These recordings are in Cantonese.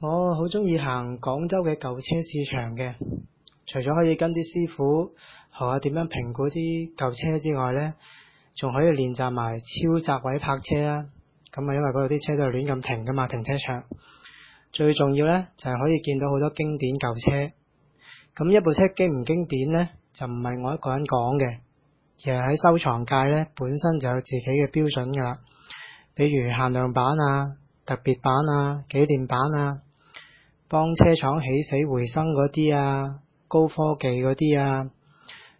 我好鍾意行廣州嘅舊車市場嘅，除咗可以跟啲師傅學下點樣評估啲舊車之外，呢仲可以練習埋超窄位泊車啦。咁啊，因為嗰度啲車都係亂咁停噶嘛，停車場。最重要呢就係可以見到好多經典舊車。咁一部車經唔經典呢？就唔係我一個人講嘅，而係喺收藏界呢，本身就有自己嘅標準㗎啦。比如限量版啊。特別版啊，紀念版啊，幫車廠起死回生嗰啲啊，高科技嗰啲啊，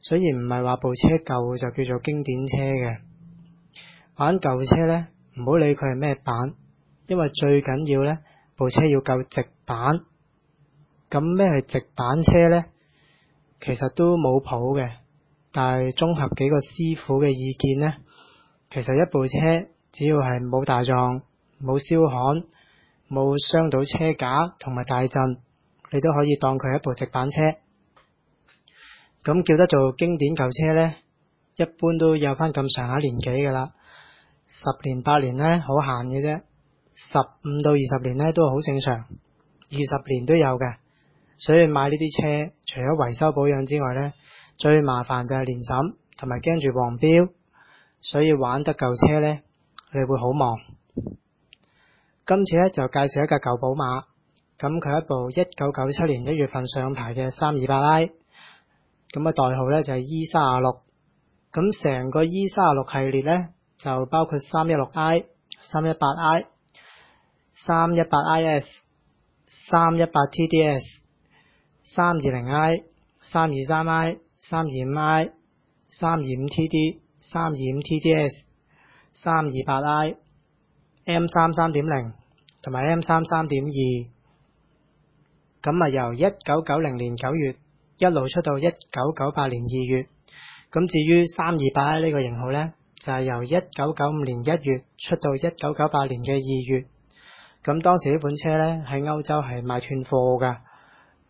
雖然唔係話部車舊就叫做經典車嘅。玩舊車咧，唔好理佢係咩版，因為最緊要咧，部車要夠直板。咁咩係直板車咧？其實都冇譜嘅，但係綜合幾個師傅嘅意見咧，其實一部車只要係冇大撞，冇燒焊，冇傷到車架同埋大震，你都可以當佢一部直板車。咁叫得做經典舊車呢，一般都有番咁上下年紀㗎啦。十年八年呢，好閒嘅啫。十五到二十年呢，都好正常。二十年都有嘅，所以買呢啲車除咗維修保養之外呢，最麻煩就係年審同埋驚住黃標。所以玩得舊車呢，你會好忙。今次咧就介紹一架舊寶馬，咁佢一部一九九七年一月份上牌嘅三二八 I，咁啊代號咧就係 E 三六。咁成個 E 三六系列咧，就包括三一六 I、三一八 I、三一八 IS、三一八 TDS、三二零 I、三二三 I、三二五 I、三二五 TD、三二五 TDS、三二八 I。M 三三點零同埋 M 三三點二，咁啊由一九九零年九月一路出到一九九八年二月，咁至於三二八呢個型號呢，就係由一九九五年一月出到一九九八年嘅二月，咁當時呢款車呢，喺歐洲係賣斷貨噶，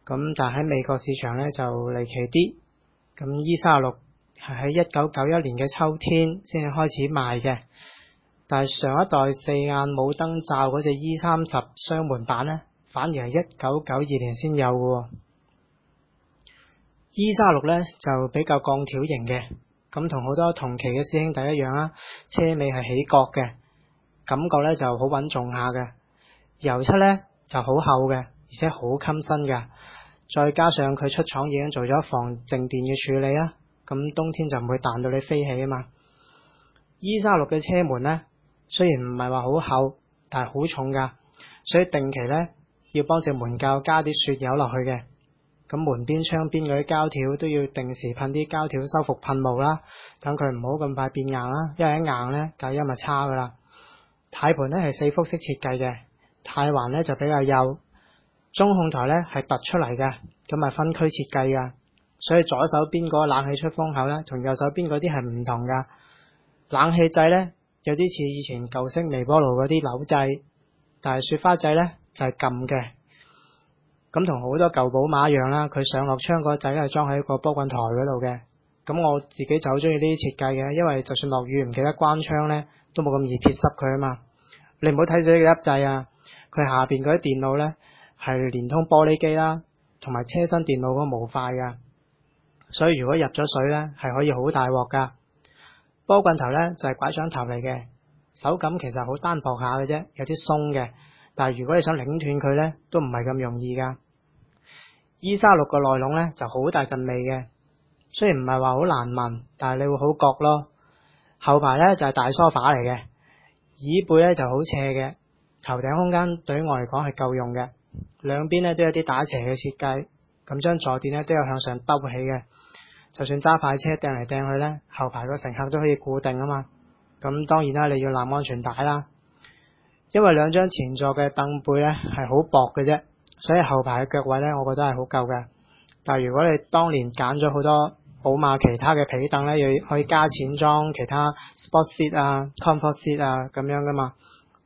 咁但喺美國市場呢，就離奇啲，咁 E 三六係喺一九九一年嘅秋天先至開始賣嘅。但係上一代四眼冇燈罩嗰隻 E 三十雙門版呢，反而係一九九二年先有嘅、哦。E 三六呢就比較鋼條型嘅，咁同好多同期嘅師兄弟一樣啦、啊，車尾係起角嘅，感覺呢就好穩重下嘅，油漆呢就好厚嘅，而且好襟身嘅。再加上佢出廠已經做咗防靜電嘅處理啦、啊，咁冬天就唔會彈到你飛起啊嘛。E 三六嘅車門呢。雖然唔係話好厚，但係好重噶，所以定期咧要幫隻門鉸加啲雪油落去嘅。咁門邊、窗邊嗰啲膠條都要定時噴啲膠條修复噴霧啦，等佢唔好咁快變硬啦。因為一硬咧，隔音咪差噶啦。軚盤咧係四輻式設計嘅，軚環咧就比較幼，中控台咧係突出嚟嘅，咁咪分區設計噶。所以左手邊嗰個冷氣出風口咧，同右手邊嗰啲係唔同噶。冷氣掣咧。有啲似以前舊式微波爐嗰啲扭掣，但係雪花掣咧就係撳嘅。咁同好多舊寶馬一樣啦，佢上落窗嗰個掣係裝喺個波棍台嗰度嘅。咁我自己就好中意呢啲設計嘅，因為就算落雨唔記得關窗咧，都冇咁易撇濕佢啊嘛。你唔好睇死佢粒掣啊，佢下邊嗰啲電腦咧係連通玻璃機啦，同埋車身電腦嗰個模塊噶。所以如果入咗水咧，係可以好大鑊噶。波棍頭咧就係拐杖頭嚟嘅，手感其實好單薄下嘅啫，有啲鬆嘅。但係如果你想擰斷佢咧，都唔係咁容易噶。E36 個內籠咧就好大陣味嘅，雖然唔係話好難聞，但係你會好覺咯。後排咧就係大梳化嚟嘅，椅背咧就好斜嘅，頭頂空間對於我嚟講係夠用嘅。兩邊咧都有啲打斜嘅設計，咁將坐墊咧都有向上兜起嘅。就算揸牌車掟嚟掟去咧，後排個乘客都可以固定啊嘛。咁當然啦，你要攬安全帶啦。因為兩張前座嘅凳背咧係好薄嘅啫，所以後排嘅腳位咧，我覺得係好夠嘅。但係如果你當年揀咗好多寶馬其他嘅皮凳咧，又可以加錢裝其他 Sport Seat 啊、Comfort Seat 啊咁樣噶嘛，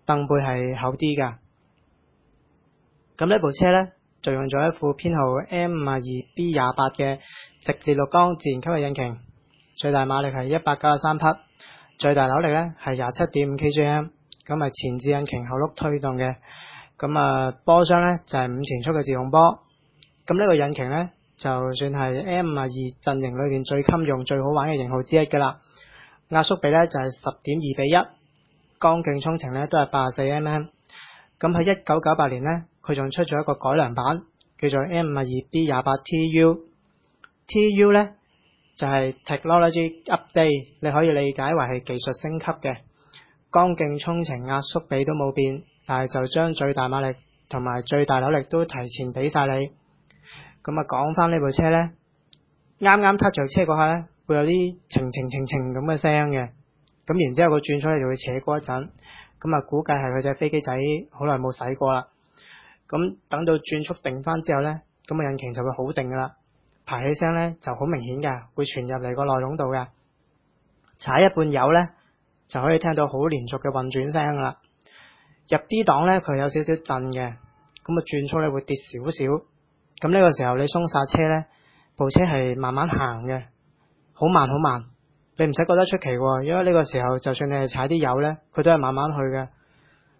凳背係厚啲噶。咁呢部車咧？就用咗一副編號 M 五啊二 B 廿八嘅直列六缸自然吸氣引擎，最大馬力係一百九啊三匹，最大扭力咧係廿七點五 k g m，咁啊前置引擎後轆推動嘅，咁啊波箱咧就係五前速嘅自動波，咁、這、呢個引擎咧就算係 M 五啊二陣營裏邊最襟用最好玩嘅型號之一噶啦，壓縮比咧就係十點二比一，缸徑衝程咧都係八四 m m。咁喺一九九八年咧，佢仲出咗一個改良版，叫做 M 五二 B 廿八 TU。TU 咧就係、是、Technology Update，你可以理解為係技術升級嘅。缸徑衝程壓縮比都冇變，但係就將最大馬力同埋最大扭力都提前俾晒你。咁啊，講翻呢部車咧，啱啱撻著車過去咧，會有啲情情情情咁嘅聲嘅。咁然之後個轉速就會扯過一陣。咁啊，估計係佢隻飛機仔好耐冇洗過啦。咁等到轉速定翻之後呢，咁啊引擎就會好定噶啦。排氣聲呢就好明顯嘅，會傳入嚟個內籠度嘅。踩一半油呢，就可以聽到好連續嘅運轉聲噶啦。入 D 檔呢，佢有少少震嘅，咁啊轉速呢會跌少少。咁、這、呢個時候你鬆煞車呢，部車係慢慢行嘅，好慢好慢。你唔使覺得出奇喎，哦，因為呢個時候就算你係踩啲油呢，佢都係慢慢去嘅。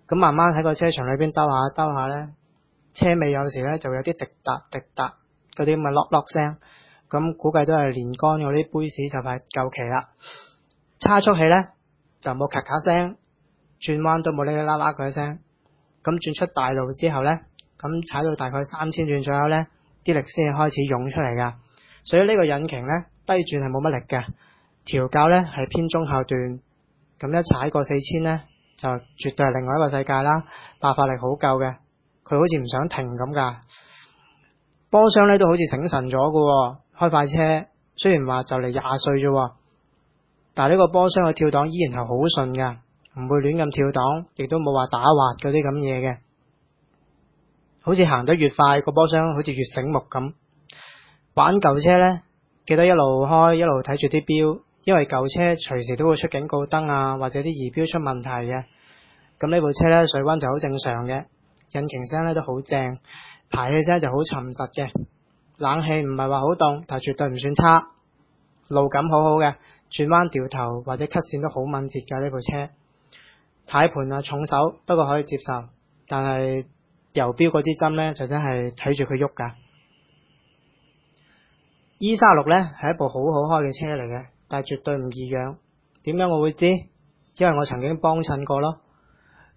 咁慢慢喺個車場裏邊兜下兜下呢，車尾有時呢就有啲滴嗒滴嗒嗰啲咁嘅落落聲。咁估計都係連杆嗰啲杯士就係夠期啦。差速器呢就冇咔咔聲，轉彎都冇哩哩啦啦嗰啲聲。咁轉出大路之後呢，咁踩到大概三千轉左右呢，啲力先至開始湧出嚟噶。所以呢個引擎呢，低轉係冇乜力嘅。調教咧，係偏中後段，咁一踩過四千咧，就絕對係另外一個世界啦，爆發力好夠嘅，佢好似唔想停咁噶。波箱咧都好似醒神咗噶，開快車雖然話就嚟廿歲啫，但係呢個波箱嘅跳檔依然係好順噶，唔會亂咁跳檔，亦都冇話打滑嗰啲咁嘢嘅，好似行得越快個波箱好似越醒目咁。玩舊車咧，記得一路開一路睇住啲表。因為舊車隨時都會出警告燈啊，或者啲儀表出問題嘅。咁呢部車咧，水溫就好正常嘅，引擎聲咧都好正，排氣聲就好沉實嘅，冷氣唔係話好凍，但係絕對唔算差，路感好好嘅，轉彎掉頭或者吸線都好敏捷嘅呢部車，軚盤啊重手，不過可以接受，但係油標嗰支針咧就真係睇住佢喐噶。E36 咧係一部好好開嘅車嚟嘅。但係絕對唔易養，點解？我會知？因為我曾經幫襯過咯。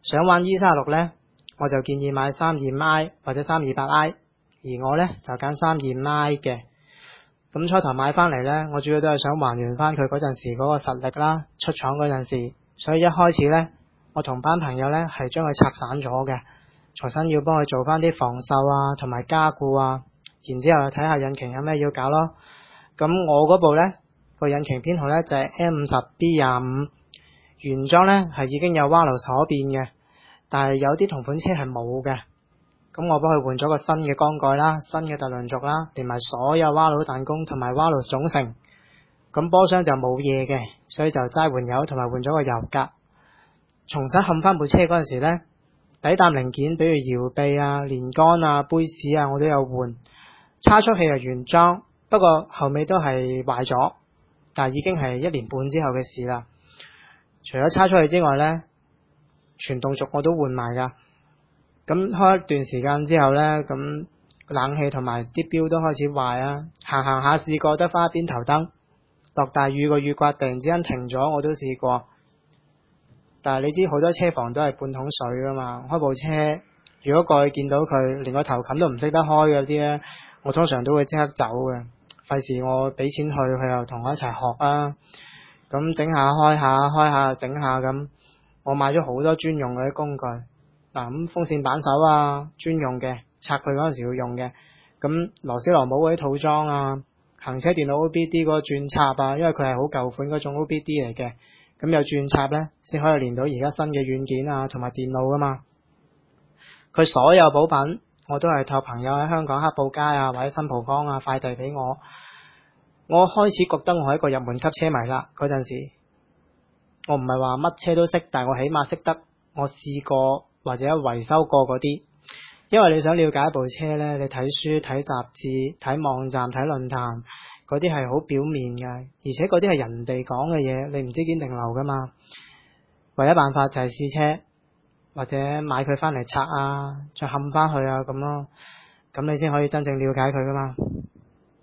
想玩 E 三廿六咧，我就建議買三二 I 或者三二八 I，而我咧就揀三二五嘅。咁初頭買翻嚟咧，我主要都係想還原翻佢嗰陣時嗰個實力啦。出廠嗰陣時，所以一開始咧，我同班朋友咧係將佢拆散咗嘅，重新要幫佢做翻啲防銹啊、同埋加固啊，然之後睇下引擎有咩要搞咯。咁我嗰部咧，個引擎編號咧就係 M 五十 B 廿五，原裝咧係已經有 VANOS 可變嘅，但係有啲同款車係冇嘅。咁我幫佢換咗個新嘅缸蓋啦、新嘅特輪軸啦，連埋所有 VANOS 彈弓同埋 VANOS 總成。咁波箱就冇嘢嘅，所以就齋換油同埋換咗個油格。重新冚翻部車嗰陣時咧，底搭零件，比如搖臂啊、連杆啊、杯士啊，我都有換。差速器係原裝，不過後尾都係壞咗。但已經係一年半之後嘅事啦。除咗叉出去之外呢，傳動軸我都換埋㗎。咁開一段時間之後呢，咁冷氣同埋啲錶都開始壞啊。行行下試過得花邊頭燈，落大雨個雨刮突然之間停咗，我都試過。但係你知好多車房都係半桶水㗎嘛？開部車如果過去見到佢，連個頭冚都唔識得開嗰啲呢，我通常都會即刻走嘅。費事我俾錢去，佢又同我一齊學啊！咁整下開下開下整下咁，我買咗好多專用嗰啲工具嗱，咁風扇扳手啊，專用嘅，拆佢嗰陣時要用嘅。咁螺絲螺母嗰啲套裝啊，行車電腦 O B D 嗰個轉插啊，因為佢係好舊款嗰種 O B D 嚟嘅，咁有轉插咧，先可以連到而家新嘅軟件啊，同埋電腦噶嘛。佢所有補品我都係託朋友喺香港黑布街啊，或者新蒲崗啊，快遞俾我。我開始覺得我係一個入門級車迷啦。嗰陣時，我唔係話乜車都識，但係我起碼識得我試過或者維修過嗰啲。因為你想了解一部車呢，你睇書、睇雜誌、睇網站、睇論壇，嗰啲係好表面嘅，而且嗰啲係人哋講嘅嘢，你唔知堅定流噶嘛。唯一辦法就係試車或者買佢返嚟拆啊，再冚翻佢啊咁咯，咁你先可以真正了解佢噶嘛。